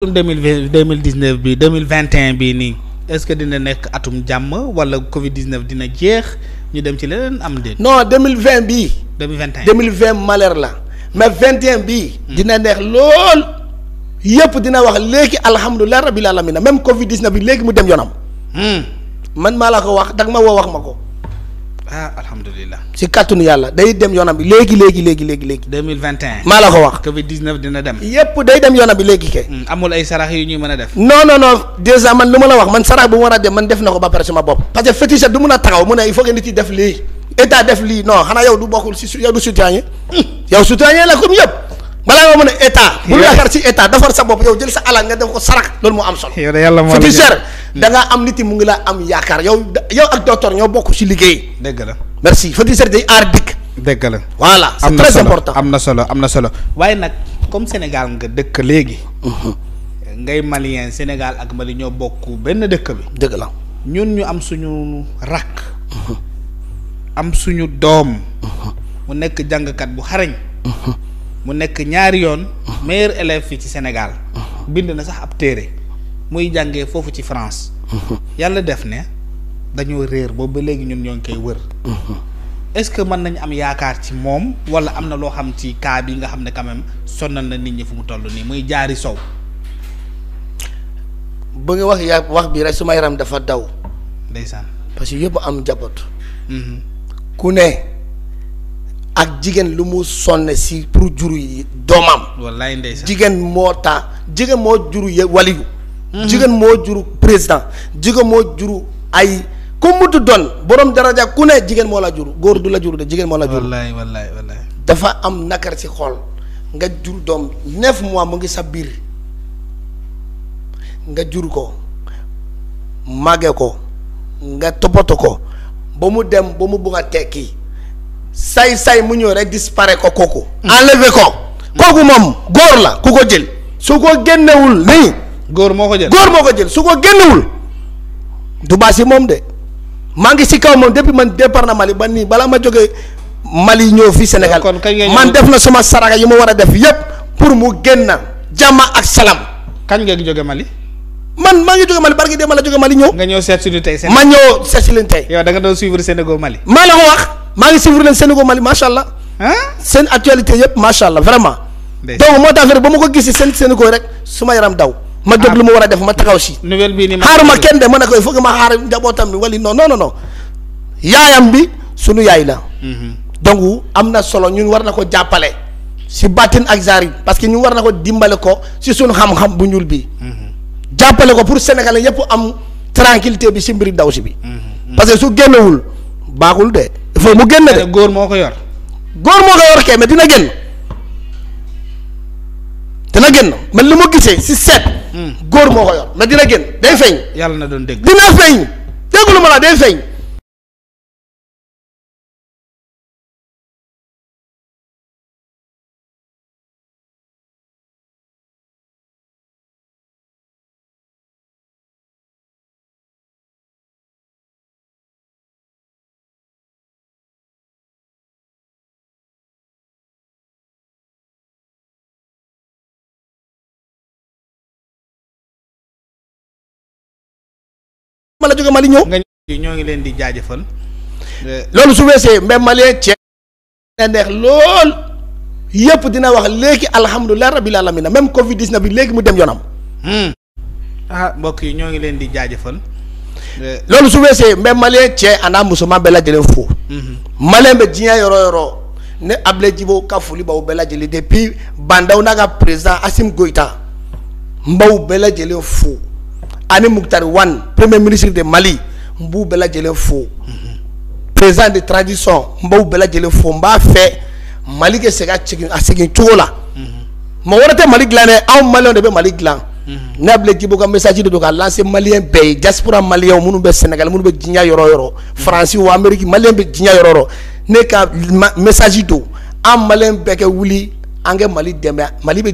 atum deux mille vingt deux mille dix neuf bii deux mille vingt et un bii nii est dina nekk atum jàmm wala Covid dix dina jeex ñu dem ci leneen am déet. non deux mille vingt bii. deux mille vingt et un la mais vingt et hmm. dina neex lool. yëpp dina wax léegi alhamdulilah rabbil alamina même Covid dix neuf bi léegi mu dem yoonam. Hmm. man maa la ko wax dag ma woo wax ma ko. ah alhamdulilah. si kàttanu yàlla day dem yoonam bi léegi léegi léegi léegi léegi. deux mille vingt et maa la ko wax. Covid dix neuf dina dem. yépp day dem yoonam bi léegi kay. Hmm, amul ay sarax yu ñuy mën a def. non no non dèjà man lu ma la wax man sarax bu mu war a dem man def na ko ba pare sama bopp. parce que féticheur du mun a taxaw mu ne il faut que nit yi def lii état def lii non xanaa yow du bokkul si su yow du soutien hmm. yow soutien la comme yëpp. balaa nga mën a état. bu yaakaar si état bopp yow jël sa alal nga def ko sarax. loolu moo am solo. yow de yàlla da am nit yi mu ngi laa am yaakaar yow yow ak docteur ñoo bokk ci liggéey. dëgg la merci fertilité day aar dikk. dëgg la voilà c'est très am na solo am na solo waaye nag comme Sénégal nga dëkk léegi. Mhm. ngay malien Sénégal ak Mali ñoo bokk benn dëkk bi. dëgg la ñun ñu am suñu rakk. Mhm. am suñu doom. Mhm. mu nekk jàngkat bu xarañ. mu nekk ñaari yoon. meilleur élève fii ci Sénégal. bind na sax ab téere. muy jànge foofu ci France. Mm-hmm. yàlla def ne dañoo réer boobu ba léegi ñun ñoo ngi koy wër. Mm-hmm. est-ce que mën nañ am yaakaar ci moom walla am na loo xam ci cas bi nga xam ne quand même sonal na nit ñi fu mu toll nii muy jaari sow. bu nga wax yaa wax bi rek su ma yaram dafa daw. ndeysaan parce que yëpp am njaboot. Mm-hmm. ku ne. ak jigéen lu mu sonne si pour jur yi doomam. wallaay ndeysaan jigéen moo tax jigéen moo jur ye waliyu jigéen moo jur président jigéen moo juru ay ku mutu doon borom daraja ku ne jigéen moo la juru góor du la juru de jigéen moo la juru wallaay wallaay dafa am nakar ci xool nga jur doom neuf mois mu ngi sa biir nga jur ko màgge ko nga toppatoo ko ba mu dem ba mu bugg a tekki say say mu ñëw rek disparaît ko kooku hmm. enlever ko kooku moom góor la ku ko jël su ko génnewul nii góor moo ko jël góor moo ko jël su ko génnewul du baas yi moom de maa ngi si kaw moom depuis man départ na Mali ba nii balaa ma jógee Mali ñëw fii Sénégal man def na sama saraka yi ma war a def yëpp pour mu génn jàmm ak salaam. kañ nga jóge Mali. man maa ngi jóge Mali barki dem la jóge Mali ñëw. nga ñëw seet si ñu tey ma ñëw seet si leen tey. yow da nga doon suivre Sénégal Mali. maa la ko wax maa ngi suivre leen Sénégal Mali macha allah. seen actualité yëpp macha allah vraiment. donc moo tax ba ma ko gis seen Sénégal rek su ma daw. ma jóg lu ma war a def ma taxaw si. nouvelle bii nii xaaruma kenn de ma ne ko foog ma xaar njabootam bi wala non non non yaayam bi sunu yaay la. Mhm. donc am na solo ñun war na ko jàppale. si bàttin ak zaari parce que ñu war na ko dimbale ko si suñu xam-xam bu ñuul bi mhm. jàppale ko pour sénégalais yëpp am tranquillité bi si mbiri ndaw si bi. Mhm. parce que su génnewul baaxul de. il mu génn de góor moo ko yor. góor moo ko yor kay mais dina génn. dina génn man li ma gisee si seet. góor moo ko yor mais dina génn feeñ. yàlla na doon dégg dina feeñ dégglu ma la day feeñ. ma la jóge Mali ñëw. ñoo ngi leen di jaajëfal. Eh, loolu su weesee mais malien ceeb. dina neex lool. yëpp dina wax léegi alhamdulilah rabil alamina même Covid bi léegi mu dem yoonam. Hmm. ah mbokk yi ñoo ngi leen di jaajëfal. Eh, loolu su weesee mais hmm. malien ceeb ana musoman bɛɛ lajɛlen fo. malien bɛ diɲɛ yɔrɔ yɔrɔ ne Ablaye Djibo ka foli b'aw bɛɛ lajɛlen depuis Bandaw nag a président Assimi Goïta n b'aw bɛɛ lajɛlen fo. Ani Mouktar Wan premier ministre de Mali n b'u bɛɛ lajɛlen fo président de transition n b'aw bɛɛ lajɛlen fo n b'a Mali ka segin a segin e, a segin cogo la mɔgɔ wɛrɛ Mali dilan dɛ anw maliyɛnw de Mali dilan ne Abdoulaye Djibo ka message de don ka lancer maliyɛn bɛɛ diaspora maliyɛnw minnu bɛ Sénégal minnu bɛ diɲɛ yɔrɔ yɔrɔ Faransi o Amérique maliyɛn bɛ diɲɛ yɔrɔ yɔrɔ ne ka message don an maliyɛn bɛɛ ka wuli an Mali dɛmɛ Mali bɛ